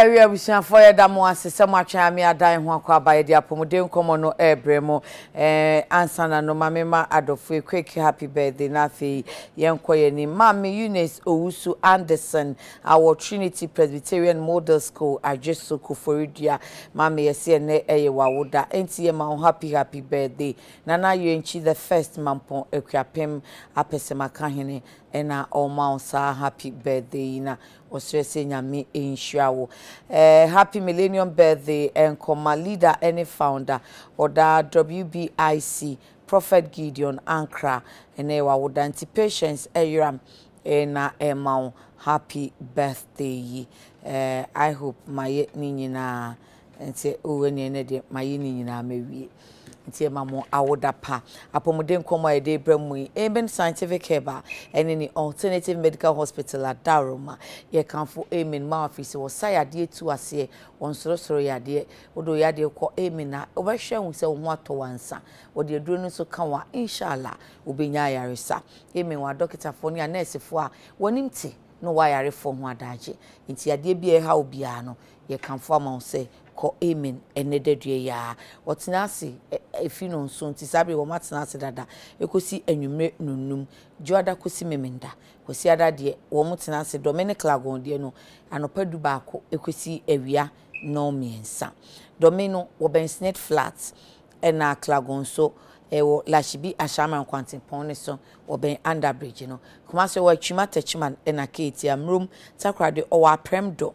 ɛwɛ abusuafo yɛ da mo ase sɛ mo atwɛn ame adan ho akɔ aba yɛ de apɔmuden nkɔmɔ no ɛɛbrɛ mo ɛɛ ansa na no maame ma adɔfo quick happy birthday na afei yɛn kɔ yɛn ni maame eunice owusu anderson awɔ trinity presbyterian model school adweso koforidua maame yɛsi ɛnɛ ɛyɛ wawoda nti yɛ ma ho happy happy birthday nana yɛn nkyi the first mampɔn ekuapem apɛsɛmaka hene. ɛna ɔma wo saa happy birthday yi na ɔsrɛ sɛ nyame ɛnhyira wo eh, happy millennium birthday nkɔma leader ɛne founder ɔda wbic prophet gideon ankra ɛnɛ wawoda nti patience ɛyera ɛna ɛma wo happy birthday yi i hope mayɛ ne nyinaa nti ɔwɔ neɛ no deɛ mayɛ ne nyinaa mawie nti ɛma mo awoda pa apɔmuden nkɔmɔ a yɛde brɛ mu yi amen scientific herb ɛne ne alternative medical hospital adaroma yɛkamfo amen ma afei sɛ wɔsa yadeɛ tu aseɛ wɔnsorɔsorɔ yadeɛ wode yadeɛ kɔ amen a wobɛhwɛ ho sɛ wo ho atɔ wansa wɔde aduro no nso ka wa inshallah wobɛnya ayaresa amen wɔ adɔkitafoɔ ne anɛɛsefoɔ a wɔnim te na wɔayarefo ho adagye nti adeɛ bi a ɛha wo no yɛkamfo ama wo sɛ akɔ amen ɛnɛ dadua yi a wɔtena ase efi no nso nti saa wɔn atena ase dada ekosi enwumere nunum joada kosi memenda kosi ada deɛ wɔn tena ase dominic lagon deɛ no anɔpa du baako ekosi awia nnɔɔ mmiɛnsa domi no wɔ bɛnsnet flat ɛna lagon so ɛwɔ lahyibi ahyɛnman kwantempɔn ne so wɔbɛn under bridge no kumasi wɔ atwima tɛkyima ɛna keeti amurom takoradi ɔwɔ aprɛm do.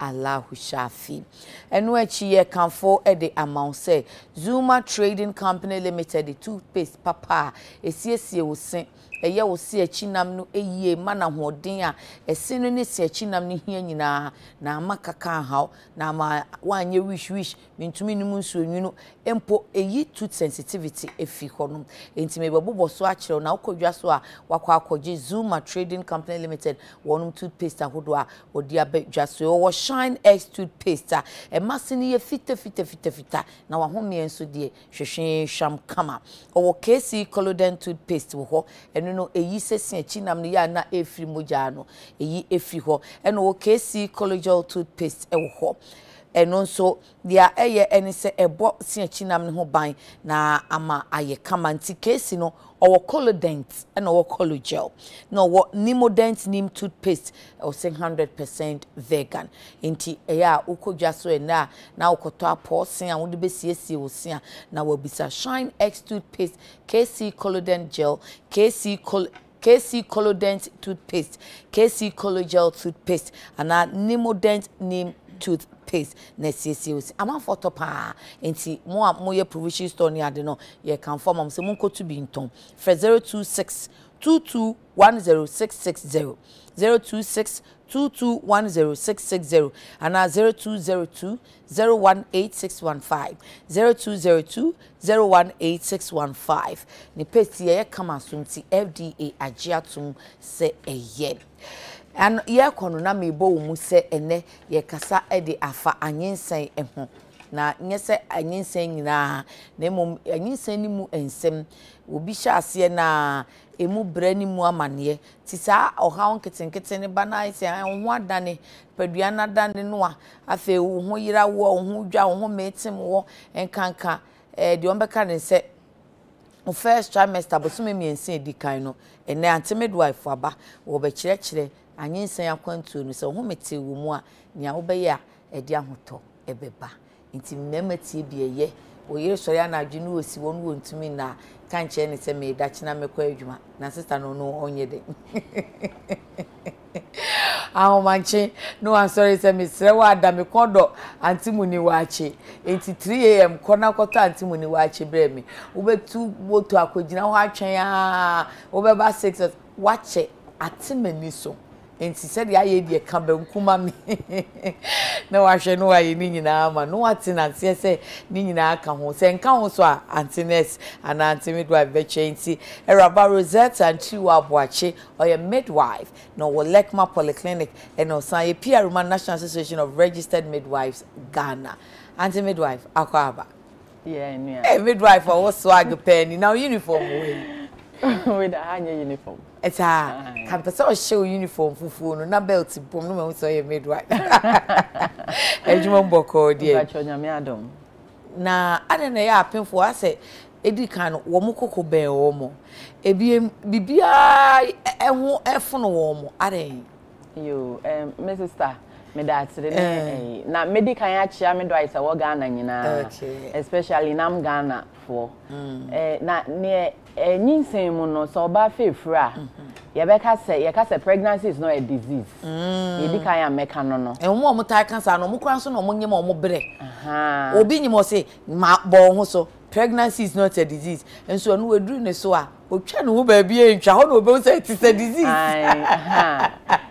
Allahu Shafi. Ɛno akyi yɛ kanfo de ama Zuma Trading Company Limited the toothpaste papa a ɛsiesie wo se ɛyɛ wo se akyi nam no yie ma na ahoɔden a ɛse no ne se akyi nam no hia nyinaa na ama kaka ahaw na ama woanyɛ wish wish Mintumi no mu nsuo nwunu mpo ɛyi tooth sensitivity ɛfiri hɔ nom enti mebɛbobɔ so akyerɛw na wokɔdwa so a wakɔ akɔgye Zuma Trading Company Limited wɔnom toothpaste ahodoɔ a wɔde abɛdwa so ɛwɔwɔ shine x toothpaste a ɛma se no yɛ fita fita fita fita na wahomeɛ nso deɛ hwehwee hwam kama ɔwɔ kc colodent toothpaste wɔ hɔ ɛno no ɛyi sɛsi akyi nam no yɛ a na ɛfiri mogyaa no ɛyi ɛfiri hɔ ɛna ɔwɔ kc cologel toothpaste ɛwɔ hɔ ɛno nso deɛ ɛyɛ ɛne sɛ ɛbɔ siakyi nam ne ho ban na ama ayɛ kama nti keesi no ɔwɔ colodent ɛna ɔwɔ cologel na ɔwɔ nimodent nim toothpaste ɔsɛ hundred percent vegan nti ɛyɛ a wokɔ dwa so ɛnɛ a na wokɔtɔ apɔɔ sen a wode bɛsiesie wo sen a na wabisa shine x toothpaste kc colodent gel kc col KC Colodent toothpaste, KC Cologel toothpaste, and a Nimodent name toothpaste pace na siesie osi amanfoɔ tɔ paa nti mo a moyɛ provision store ne ade no yɛkamfo ma mo sɛ monkɔtu bi ntɔn frɛ 026 2210660 026 2210660 anaa 0202 018615 0202 018615 ne pɛsi yɛyɛ kama so nti fda agye se sɛ ano yɛkɔ no na mebɔ wɔ mu sɛ ɛnɛ yɛkasa de afa anyensɛn ho na nyɛ sɛ anyensɛn nyinaa na mmom anyensɛn no mu nsɛm obi hyɛ ase na emu brɛ ne mu amanneɛ te saa ɔhaw nketenkete ne ba no ayɛ ho adane padua no adane no a afei wo ho yera wɔ wo ho dwa wo ho meetem wɔ nkanka deɛ ɔmbɛka ne sɛ mo first trimester bosome mmiɛnsa edi kan no ɛnɛ antemedwife aba wɔbɛkyerɛkyerɛ anyị anyensan akwantuo no sɛ ɔhome te wụ mụ a nea wobɛyɛ a ɛde ahotɔ ɛbɛba nti mmarima tie bi ɛyɛ wɔyere sɔre anadwo no wɔsi wɔn wɔntumi na ka nkyɛn ne sɛ meedakyena mekɔ adwuma na sista no no ɔnyɛ dɛ ahomakye na wansɔre sɛ mesrɛ wɔ ada me kɔn dɔ ante mu ni waakye nti 3am kɔ na kɔtɔ ante mu ni waakye berɛ me wobɛtu moto akɔgyina hɔ atwɛn a wobɛba 6 wakyɛ ate m'ani so nti sɛdeɛ ayɛ deɛ ka bɛnkuma mi na wahwɛ no wayɛ ne nyinaa ma na wate nanteɛ sɛ ne nyinaa ka ho sɛ nka ho so a ante nurse anaa ante midwife bɛkyɛ nti awuraba rosette antiriwa aboakye ɔyɛ midwife na ɔwɔ lekma polyclinic ɛna ɔsan yɛ pr national association of registered midwives ghana ante midwife akɔ aba yeah, yeah. Hey, midwife ɔwɔ swag pɛɛ ni na uniform wɔ yi. wait a uniform ɛtaa kampɛ sɛ ɔhyɛ o uniform fufuo no na belt bɔm no ma hu sɛ ɔyɛ midwife adwuma mbɔkɔɔ deɛ na adɛn na ɛyɛ apemfoɔ asɛ ɛdi kan no wɔn koko bɛn wɔn mo ebiem biribiara ɛho ɛfono wɔn mo adɛn. yoo ɛɛ mrs star mede atere eh. ne eh, ɛyi na mede kan akyea me do ayɛ sɛ wɔ ghana Okay. especially nam ghana foɔ ɛɛ mm. eh, na neɛ ɛnyinsɛn mu no sɛ ɔbaa feefure a mm-hmm. yɛbɛka sɛ yɛka sɛ pregnancy is not a disease mm. yɛdi kan a mɛka no no. ɛnwom a wɔn taa kan saa no wɔn kura nso na wɔn nyɛ ma wɔn brɛ obi nyɛ ma ɔsɛ ma bɔ ɔho so pregnancy is not a disease nso ɔno waduru ne so a otwa ne ho baabi etwa hɔ na obewu sɛ it is a disease.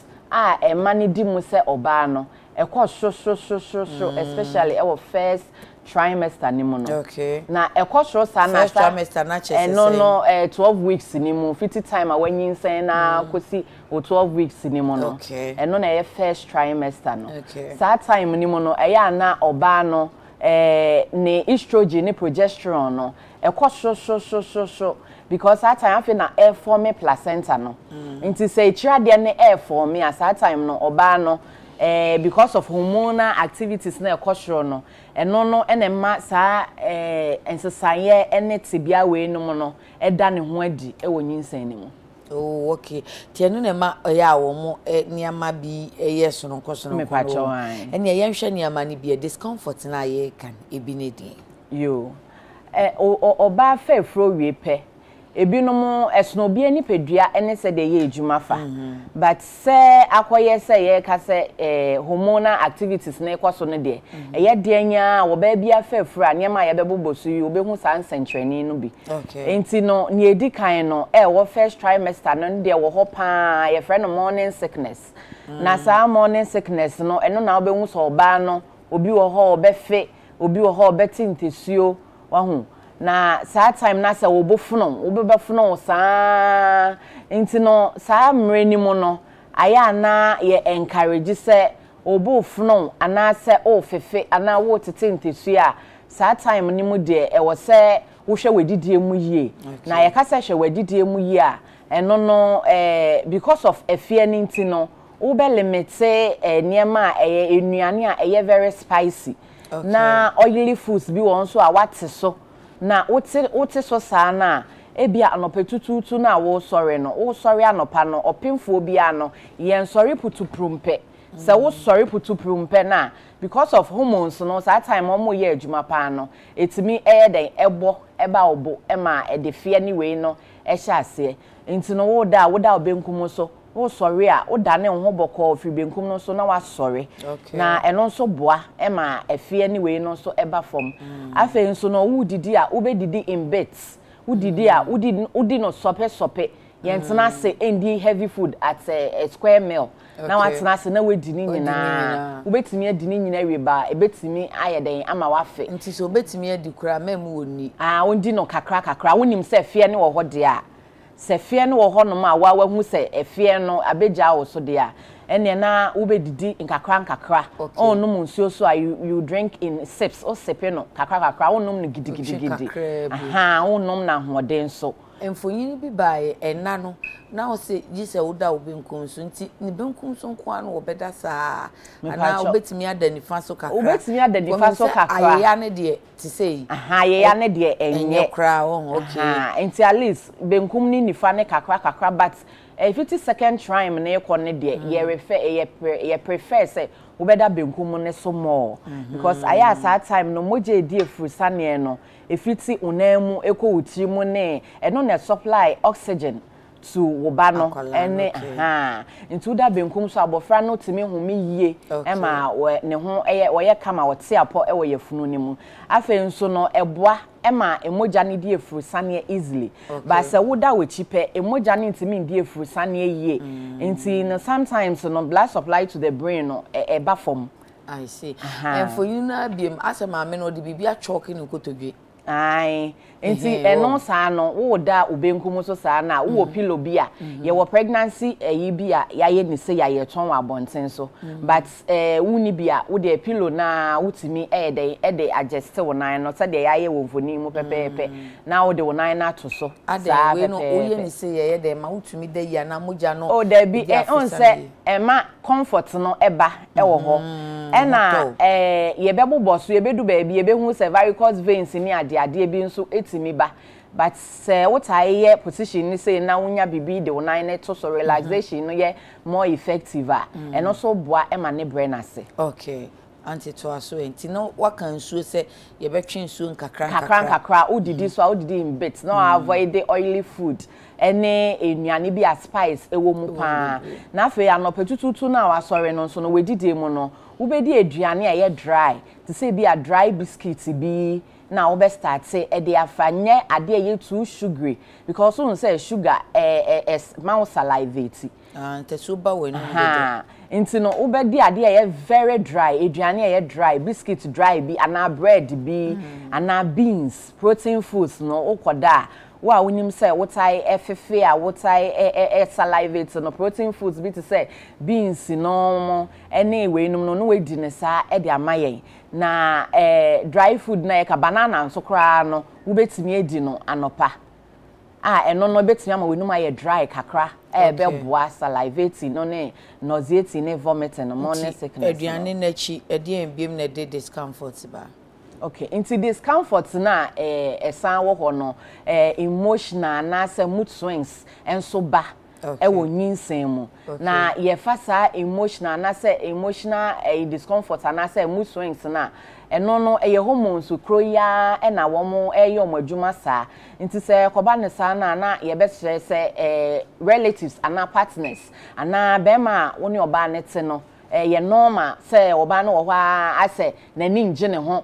a ɛma no di mu sɛ ɔbaa no ɛkɔ sorosorosorosoro mm. especially ɛwɔ first trimester ni mu no okay. na ɛkɔ soro saa na sa ɛno no ɛɛ twelve weeks ni mu Fifty time a wɔnyinsɛn na mm. kosi o twelve weeks ni mu no ɛno na ɛyɛ first trimester no okay. saa time ni mu no ɛyɛ ana ɔbaa no ɛɛ ne estrogen ne progesterone no ɛkɔ sorosorosorosoro because that time afei na air form placenta no mm. nti say ekyir adeɛ ne air form a saa time no oba no ɛɛ eh, because of hormonal activities na ɛkɔ no ɛno no ɛna ɛma sa ɛɛ eh, nsesayɛ ɛne tibia wei nom no ɛda ne ho adi ɛwɔ nyinsɛn ni mo. Oh, okay. Ti no ne ma ɛyɛ a wɔn ɛ nneɛma bi ɛyɛ sononko sononko no wɔn ɛnna yɛn hwɛ nneɛma ni bi yɛ discomfort na ye kan ebi ne deɛ. Yoo, eh, ɛ ɔ ɔbaa fɛɛfuro wie pɛ. ebinom ɛsono obi nipadua ene sɛ deɛ yɛ adwuma fa mhm. but sɛ akɔyɛ sɛ yɛreka sɛ ɛɛ eh, hormonal activities na ɛkɔ so no deɛ mhm. ɛyɛ deɛ nyaa wɔ baabi afɛɛfura nneɛma a yɛbɛbobɔ so yi hu saa nsɛnkyerɛnni no bi nti no nea edi kan no ɛwɔ first trimester no deɛ wɔ hɔ paa yɛfrɛ no morning sickness mm. na saa morning sickness no ɛno na wobɛhu sɛ ɔbaa no obi wɔ hɔ ɔbɛfe obi wɔ hɔ ɔbɛte ntesuo wahu. na saa time na sɛ wɔbɛfono wɔbɛbɛfono saa nti no saa mmerɛ no mu no ayɛ anaa yɛ encourage sɛ obu funu anaasɛ ofefe anaa wotete ntesu a saa time no mu deɛ ɛwɔ sɛ wohwɛ w'adidie mu yie na yɛkasa hwɛ w'adidie mu yie a ɛno no ɛɛ because of ɛfie no nti no wobɛlimite ɛɛ nneɛma a ɛyɛ nnuane a ɛyɛ very spicy na oily foods bi wɔn nso a wate so. Okay. na wote so saa na ebia ebi anọpa tututu na wosọrị no wosọrị anopa no ọpịmfuo bia ano yẹn sọrị pụtụpụrụ mpe sɛ wosɔre pụtụpụrụ mpe na because of hormones no saa time mo yɛ adwuma paa no etimi ɛyɛ dɛn ɛbɔ ɛba ɔbɔ ɛma ɛde fie ne wei no ɛhyɛ aseɛ nti no woda a woda ɔbɛnkum so. wosɔre a wodane wo ho bɔkɔɔ firi benkum no so na wasɔre na ɛno nso boa ma ɛfeɛ ne wei no nso ɛba fam mm. afei nso no didi a wobɛdidi in bits wodidi a mm. wodi no sɔpɛsɔpɛ yɛntena ase mm. ndi heavy food at eh, a square meal na watena ase na wadi ne nyinaa wobɛtumi adi ne nyinaa wie ba ebɛtumi ayɛ dɛn ama wafe nti sɛ wobɛtumi adi koraa mɛmu wɔ ni ah wondi no kakra kakra wonim sɛ ɛfeɛ ne wɔ hɔ deɛ a sɛ fie no wɔ hɔnom a wa wahu sɛ ɛfie no abegya wɔ so deɛ a ɛnna na wobɛdidi nkakra nkakra ɔnum nsuo so a you you drink in sips ɔsipi no kakra kakra ɔnum no gidigidigidi ahan ɔnum na ahoɔden so. mfonyin bi bae ɛna no. na ɔsɛ gye sɛ woda wo benkum so nti ne benkum so nko a no wɔbɛda saa anaa wobɛtumi ada nifa so kakra wobɛtumi ada nifa so kakra ayeya ne deɛ te sɛ yi ayeya ne deɛ ɛnyɛ koraa wɔn okay nti at least benkum ne nifa ne kakra kakra but ɛfiti eh, second time ne kɔ ne deɛ yɛrefɛ mm. yɛ eh, yɛ prefer sɛ wobɛda benkum ne so more mhm. because ayɛ a saa time no mogya edi efuru saneɛ no efiti onan mu ekɔ wotiri mu ne ɛno na supply oxygen tu wo ba no ɛne ha nti woda benkum so abɔfra no tumi home yie ɛma ne ho ɛyɛ wɔyɛ kama wɔte apɔ ɛwɔ yɛfunu ne mu afei nso no ɛboa ɛma emogya ne di efuru saneɛ easily But baasa woda wɔkyi pɛ emogya ne ntumi di efuru saneɛ yie mm. nti no sometimes no blood supply to the brain no ɛba fam. I see. And for you now, be Mfonyin na abiem asɛ maame na ɔde biribi atwɔke ne nkotodwe. Aye nti mhm. ɛno saa no wowɔ da obenkum so saa na wowɔ mhm. pillow bi a mhm. yɛwɔ pregnancy ɛyi bi a yɛayɛ ne sɛ yɛayɛ wɔ abɔnten so but ɛɛ eh, wuni bi a wode pillow na wotumi ɛyɛ dɛ ɛde agyɛsite wɔ nan no sɛdeɛ yɛayɛ wɔ mfonin mu pɛpɛɛpɛ na wode wɔ nan no ato so saa pɛpɛɛpɛ oyɛ ne sɛ yɛyɛ dɛ ma wotumi da yi a na mogya no oh, eh, o ɛma comfort no ɛba ɛwɔ hɔ ɛna ɛɛ eh, yɛbɛbobɔ so yɛbɛdu baabi yɛbɛhu cervical veins ne adeadeɛ bi nso timi ba but sɛ wotaa yɛ position ni sɛ na wonya bibi de wo nan ne to so relaxation no yɛ more effective a ah. ɛno mm. nso boa ma ne brɛ n'ase. okay anti to aso enti no waka nsuo sɛ yɛbɛtwe nsuo nkakra nkakra nkakra wodidi so a wodidi in bit na avoid the oily food. Mm ene nnuane bi a spice ɛwɔ mu paa na afei anɔpɛ tututu no no nso no wɔadidi mu no wobɛdi aduane a dry te sɛ bi a dry biscuit bi na wobɛ starte ɛde afa nyɛ adeɛ ɛyɛ too sugary because wohu sɛ sugar ɛɛ ɛɛ ma wo salivate. Ah, ntɛsuo ba wɔ anim dodo nti no wobɛdi adeɛ a ɛyɛ very dry aduane a dry biscuit dry bi ana bread bi mhm. ana beans protein foods no wokɔ da wo a wonim sɛ wotae ɛfefe a wotae ɛ e, e, e, salivate no protein foods bi te sɛ beans no ɛne weinom no na wadi ne saa ɛde ama yɛn na ɛɛ dry food na yɛka banana nso kra no wobɛtumi adi no anopa ah eno no bɛtumi ama w'anum ayɛ dry kakra ɛbɛboa salivating no ne nauseating ne vomiting no mo ne sickness no. nti aduane edi ɛdeɛn biem na de discomfort ba okay into discomfort na eh, ɛsan wɔ hɔ no eh, emotional anaasɛ mood swings nso ba ɛwɔ nyinsɛn mu na yɛfa sa emotional na anaasɛ emotional ɛyɛ eh, discomfort anaasɛ mood swings na ɛno no ɛyɛ hormones kuro yaa ɛna wɔn ɛyɛ wɔn adwuma saa nti sɛ kɔba ne saa na na yɛbɛkyerɛ sɛ ɛɛ relatives ana partners ana bɛrima a wɔn ne ɔbaa ne te no ɛyɛ normal sɛ ɔbaa no wɔ hɔ aa asɛ n'ani ngye ne ho.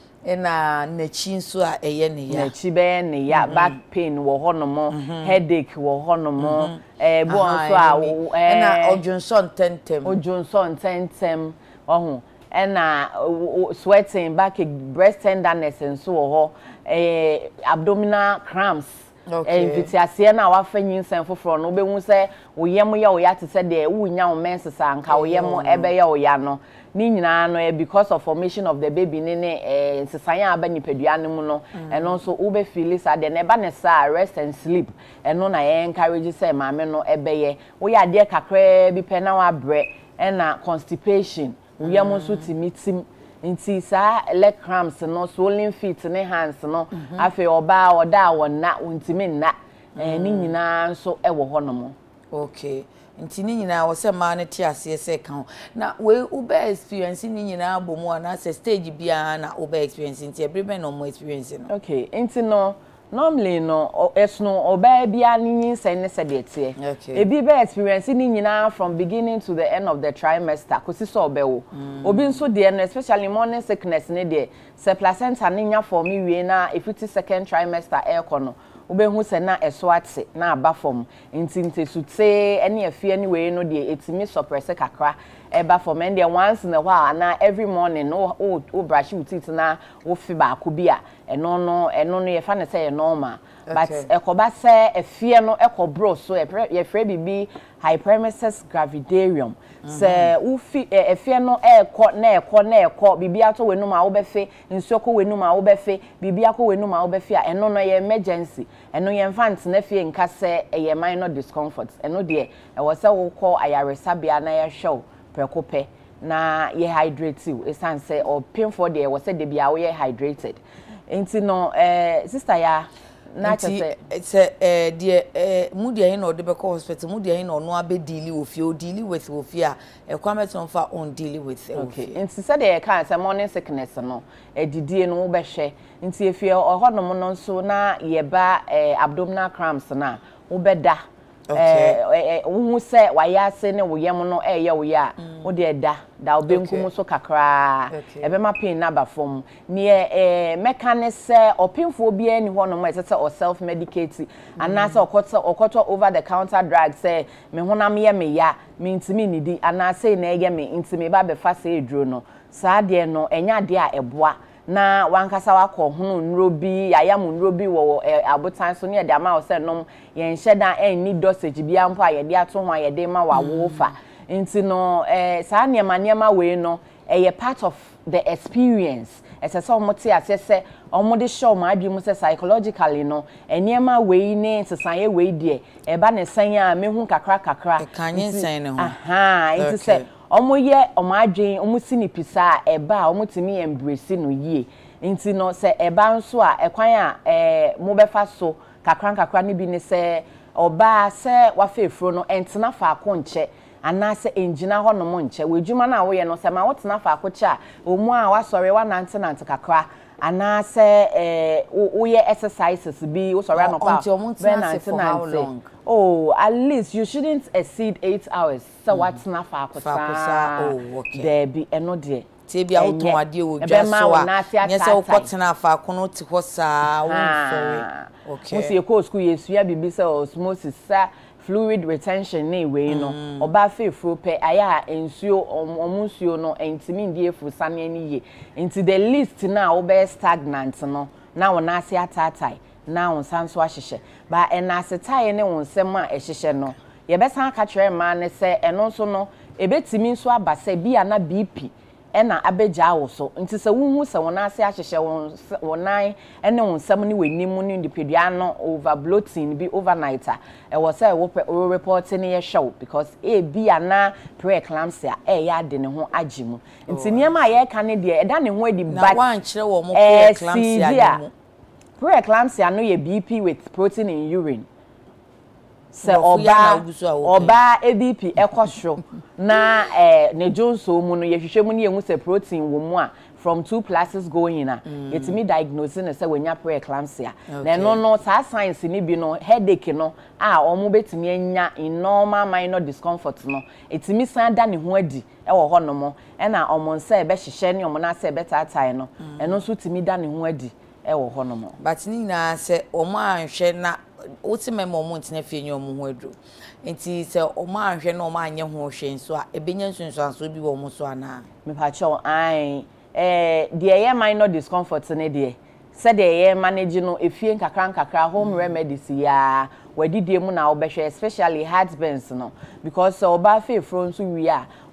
na n'akyi nso a ɛyɛ ne ya n'akyi bɛyɛ ne ya mhm. back pain wɔ hɔnom mhm. headache wɔ hɔnom mhm. eh, ɛɛbɔ nso a na ɛɛ ɛna ɔdwonsɔ eh, ntɛntɛm ɔdwonsɔ ntɛntɛm ɔho ɛna sweating backache breast tenderness nso wɔ hɔ ɛɛ eh, abdominal cramps. mfiti aseɛ no a wafa nyinsɛn foforɔ no wobɛhu sɛ wo yam ya te sɛ deɛ wonya wo mɛnsesa nka wo yam ɛbɛyɛ wo ya no ne eh, because of formation of the baby nene, ne nsesan a aba nipadua no mu no ɛno nso wobɛfili saa deɛ na rest and sleep ɛno na yɛ eh, encourage sɛ maame no ɛbɛyɛ woyɛ adeɛ kakraa bi pɛ na wabrɛ And constipation wo yam nso timi tim. Mm. nti saa leg cramps no swollen feet ne hands no mhm. afei ɔbaa ọda a wɔnna ntumi nna ne mm. nyinaa nso wɔ nom. okay nti ne nyinaa wɔ sɛ mmaa no te aseɛ sɛ ka ho na wei wobɛ experience ne nyinaa bɔ mu anaasɛ stage biara na wobɛ experience nti ɛbere bɛn na ɔmo experience no. okay nti no. normally no ɛsono ɔbaa bia ne nyinsɛn ne sɛdeɛ teɛ ebi be experience ne nyinaa from beginning to the end of the trimester kò si sɛ ɔbɛwo mm. obi nso deɛ no especially morning sickness ne deɛ sɛ placenta ne nya fɔm wie na efiti second trimester ɛɛkɔ no wobɛhu sɛ na ɛso ate na aba fam nti ntɛsute ɛne ɛfie ne wei no deɛ etimi sɔpɛrɛsɛ kakra ɛba for ɛn deɛ once in a while anaa every morning no o oh, o oh, brush wo teeth na o oh, fi baako bi a ɛno no ɛno no yɛfa ne sɛ yɛ normal but ɛkɔba sɛ ɛfie no ɛkɔ bro so yɛfrɛ biribi hypermesis gravidarium sɛ wofi ɛfie no ɛɛkɔ eh, eh, na ɛkɔ na ɛkɔ biribi atɔ w'anum a wobɛfe nsuo kɔ w'anum a wobɛfe biribi akɔ w'anum a wobɛfe a ɛno no yɛ emergency ɛno yɛmfa ntena fie nka sɛ ɛyɛ no discomfort ɛno deɛ ɛwɔ sɛ wokɔ ayaresabea na yɛhwɛ prɛko na yɛ hydrate o esan sɛ ɔpinfoɔ deɛ wɔsɛ de bi a wɔyɛ hydrated nti no ɛɛ sista ya nti sɛ ɛɛ deɛ ɛɛ mu deɛ yi na ɔde bɛkɔ hospital mu deɛ yi na ɔno abɛ deali wɔ fie o deali with wɔ fie a ɛkwame tó nfa ɔn deali with ɛwɔ fie. nti sɛdeɛ yɛka sɛ morning sickness no ɛdidie no wobɛhwɛ nti efie ɔhɔnom no nso na yɛba ɛɛ abdominal cramps na wobɛda. Eh, eh, eh, wohu sɛ wayɛ ase ne wo yam no ɛyɛ wo yɛ a mm. wode ɛda da wobɛnkum so kakraa ɛbɛma pain no aba fam neɛ mɛka ne sɛ ɔpemfoɔ biara ni hɔ nom ɛsɛ sɛ ɔself medicate mm. anaasɛ ɔkɔtɔ over the counter drug sɛ me honam yɛ me ya mentimi nnidi anaasɛ na ɛyɛ me ntimi ba bɛfa sɛ ɛduro no saa deɛ no ɛnyɛ adeɛ a eboa. na wankasa wakɔ hunu nnuro bi yayam nnuro bi wɔ abotan so ne yɛde ama wɔ sɛ nom yɛn hyɛ ɛnni dosage bi ampo a yɛde ato ho a yɛde ma wawo fa mm. nti no ɛɛ saa nneɛma nneɛma wei no ɛyɛ part of the experience ɛsɛ sɛ wɔn te aseɛ sɛ wɔn de hyɛ wɔn adwene mu sɛ psychologically no nneɛma wei ne nsesaeɛ wei deɛ ɛba ne sɛn a mehu kakra kakra ɛka nye nsɛn ne ho nti sɛ. ɔmo yɛ ɔmo adwene ɔmo si ne pisa a ɛba a ɔmo tumi embrace no yie nti no sɛ ɛba nso a ɛkwan a ɛɛ eh, mo bɛfa so kakra nkakra no bi ne sɛ ɔbaa sɛ wafa efuro no ɛntena faako nkyɛ anaasɛ ngyina hɔnom nkyɛ wɔ adwuma no a woyɛ no sɛ ma wotena faako kyɛ a ɔmo a wasɔre wanantenante kakra anaasɛ ɛɛ eh, woyɛ exercises bi wosɔre anɔpa for how long? oh at least you shouldn't exceed eight hours So hmm. sɛ oh, Okay. There be dɛɛbi ɛno deɛ tebi a wotɔn adeɛ wɔ dwa so a nyɛ sɛ wokɔtena afaako no te hɔ saa womfɔre okay wosi ekɔ sukuu yɛ esua biribi sɛ osmosis saa fluid retention ne wei no ɔbaa feefuo pɛ ayɛ a nsuo ɔmo nsuo no ntumi ndi efu sani ani yie nti the least na ɔbɛyɛ stagnant no na wɔn ase ataataa na wɔn nsa nso ahyehyɛ ba ɛnaase tae ne wɔn nsam a ɛhyehyɛ no yɛbɛsan aka kyerɛ mmaa no sɛ ɛno nso no ebetumi nso aba sɛ bi a na bp ɛna abɛgya awo so nti sɛ wohu sɛ wɔn ase ahyehyɛ wɔn wɔn nan ɛne wɔn nsɛm ne wɔn anim ne nipadua ano over bloating bi overnight a ɛwɔ sɛ wɔpɛ wɔrepɔt ne yɛhwɛ wo because ebi ana eclampsia. ɛyɛ ade ne ho agye mu nti oh. nneɛma a yɛreka ne deɛ ɛda ne ho adi back ɛɛ cd a eclampsia. no yɛ bp with protein in urine sɛ ɔbaa ɔbaa adp ɛkɔ soro na ɛɛ ne dwonso mu no yɛhwehwɛ mu no yɛn mu sɛ protein wɔ mu a from two classes going na mm. yɛtumi diagnose ne sɛ wɔnya preeclampsia na ɛno no saa science ni bi no headache no a wɔn bɛtumi anya normal minor discomfort no ɛtumi san da ne ho adi ɛwɔ hɔnom ɛna wɔn nsa ɛbɛhyehyɛ ne wɔn nase ɛbɛtaatae no mm. ɛno nso tumi da ne ho adi ɛwɔ hɔnom. bàtí ne nyinaa sɛ wɔn anhwɛ na wosi mɛma ọmụ ntena fie nye ɔmo ho aduro nti sɛ na ɔmo anyɛ ho hwɛ nso a ebenya nsonsanso bi wɔ so discomfort ne manage no efie nkakra nkakra home hmm. remedies mu na ɔbɛhwɛ especially no because nso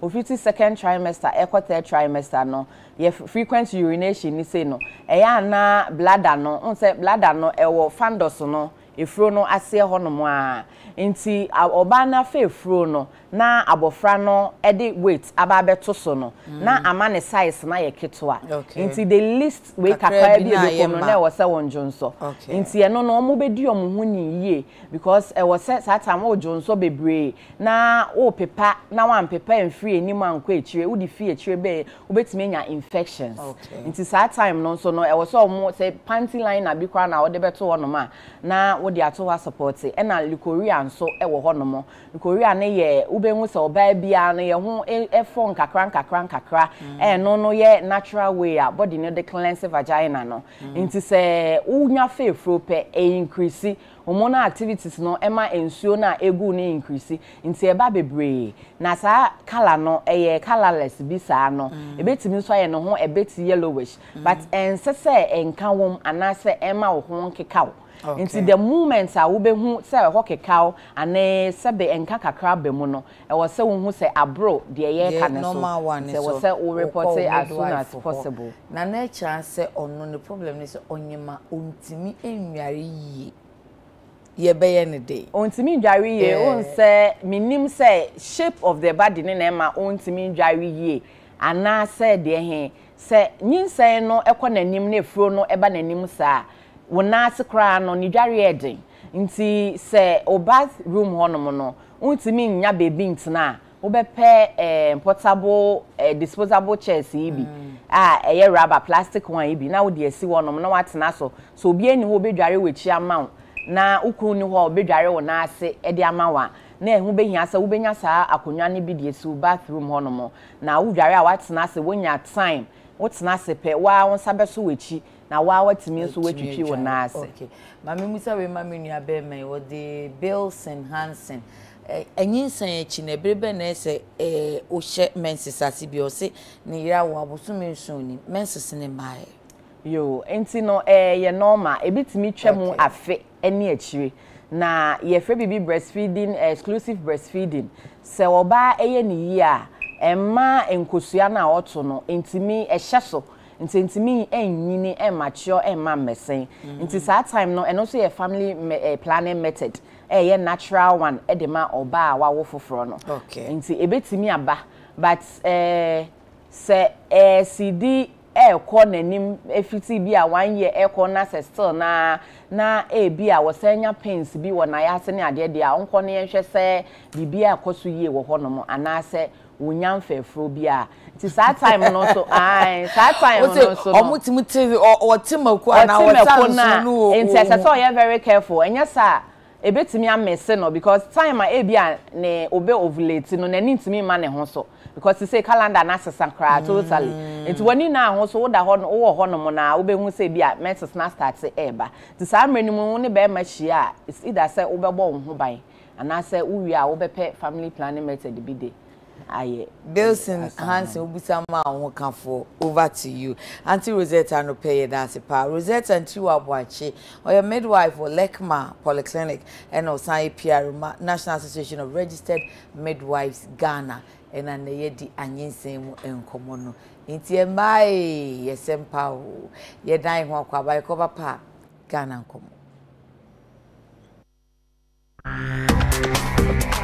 a ofiti second trimester ɛkɔ third trimester no yɛ frequent urination ni se no ya na bladder no bladder no fundus no. efuro no aseɛ hɔnom a nti ɔbaa no afa efuro no na abɔfra no de weight aba abɛto so no mm. na ama ne size na yɛ ketewa nti the least wei kakra bi ebi kɔm no na ɛwɔ sɛ wɔn dwo nsɔ nti ɛno no wɔn bɛdi wɔn ho ni yie because ɛwɔ sɛ saa time wɔn dwo bebre na wɔn pepa na wɔn pepa mfiri anim ankɔ akyire wɔde fi akyire bɛyɛ wɔbɛtumi anya infections nti saa time no nso no ɛwɔ sɛ wɔn sɛ panty line na bi koraa na wɔde bɛto hɔ nom a na wɔde ato hɔ support ɛna e. likoria nso ɛwɔ hɔ nom likoria ne yɛ wobɛhu sɛ ɔbaa biara no yɛ ho e, ɛfɔ kakra nkakra nkakra ɛno no ye natural way a body no de cleanse vagina no mm. nti sɛ wonya feefuro pɛ ɛinkirisi hormonal activities no ema nsuo no egu ne nkirisi nti ɛba bebree na sa color no ɛyɛ colourless bi saa no ebetumi mm. nso no ne ho ɛbɛti yellowish mm. but ɛnsɛ sɛ ɛnka wɔm anaasɛ ɛma wɔn ho nkeka wɔn. nti the moment a wobɛhu sɛ ɛhɔ kekaw anaa sɛbe nka kakra bɛ mu no ɛwɔ sɛ wohu sɛ aboro deɛ yɛreka ne so sɛ ɛwɔ sɛ worepɔte as soon as possible Nana na ɛkyerɛ sɛ no ne problem ne sɛ ɔnyema ɔntumi nnware yie yɛbɛyɛ ne de. ontumi ndware yie yeah. onsɛ minim sɛ shape of the body ne na ɛma ontumi ndware yie anaasɛ deɛ he sɛ nyinsɛn no ɛkɔ n'anim na efuo no ɛba n'anim saa. wo naase koraa no ne dware yɛ nti sɛ ɔba room hɔnom no ntumi nnya beebi ntena a wobɛpɛ eh, portable ɛɛ eh, disposable chairs yi bi a ɛyɛ rubber plastic one yi bi na wode esi hɔnom na watena so so obi eni hɔ obedware wɔ akyi ama na ukuru ni na ɛho behia saa bi de esi bathroom hɔnom na wodware a watena wonya time pɛ na wa watumi nso watwitwi wo nan ase. okay maame musa wei maame nua bɛrima yi wɔde bilson hansen ɛnyinsan akyi na ebere bɛ na ɛsɛ ɛɛ ɔhyɛ menses ase bi ɔse ne yira wɔ abosome nson ni menses ne mmaa yɛ. nti no ɛɛ yɛ nɔɔma ebi tumi twɛ mu afe ɛne akyire na yɛfrɛ biribi breastfeeding exclusive breastfeeding sɛ ɔbaa ɛyɛ ne yie a ɛmma nkosua no a ɔto no ntumi ɛhyɛ so nti ntumi ɛnyini ɛmmakyerɛ ɛmma mmɛsɛn mm-hmm. nti saa time no ɛno nso yɛ family eh, planning method ɛyɛ eh, natural one ɛde ma ɔbaa a wawo foforɔ no okay. nti ebetumi aba but ɛɛ eh, sɛ ɛɛ eh, sidi ɛɛkɔ n'anim efiti bi a one year ɛɛkɔ na sɛ still na na ebi a wɔsɛn nya pains bi wɔ n'ayase ne adeɛ deɛ a nkɔ ne yɛhwɛ sɛ biribi a ɛkɔ so yie wɔ hɔnom anaasɛ wonya mfɛfo bi a nti saa time no so ae saa time no so no ɔmo ti mu ti ɔte mako ana ɔta nso no nti ɛsɛ sɛ ɔyɛ very careful ɛnyɛ saa ebetumi amese no because time a ebi a ne obe ovulate no n'ani ntumi ma ne ho so because sɛ calendar n'asesa koraa totally mm. nti w'ani na ho so woda hɔ no wowɔ hɔ nom na wobɛhu sɛ bi a menses na start ɛɛba nti saa mmerɛ no mu ne bɛrima hyia a it's either sɛ wobɛbɔ wo ho ban anaasɛ wowie a wobɛpɛ family planning method bi de ayɛ Belson Hansen obisa ma ahokafo over to you Auntie Rosetta no pɛ yɛ daase paa Rosetta Ntiwa Aboakye ɔyɛ midwife wɔ Lekma Polyclinic ɛna ɔsan yɛ PR National Association of Registered Midwives Ghana ɛna na yɛ di anyinsɛn mu nkɔmɔ no nti mmaa yi yɛsɛ mpa o yɛdan ho akɔ abayɛ pa Ghana nkɔmɔ. Thank you.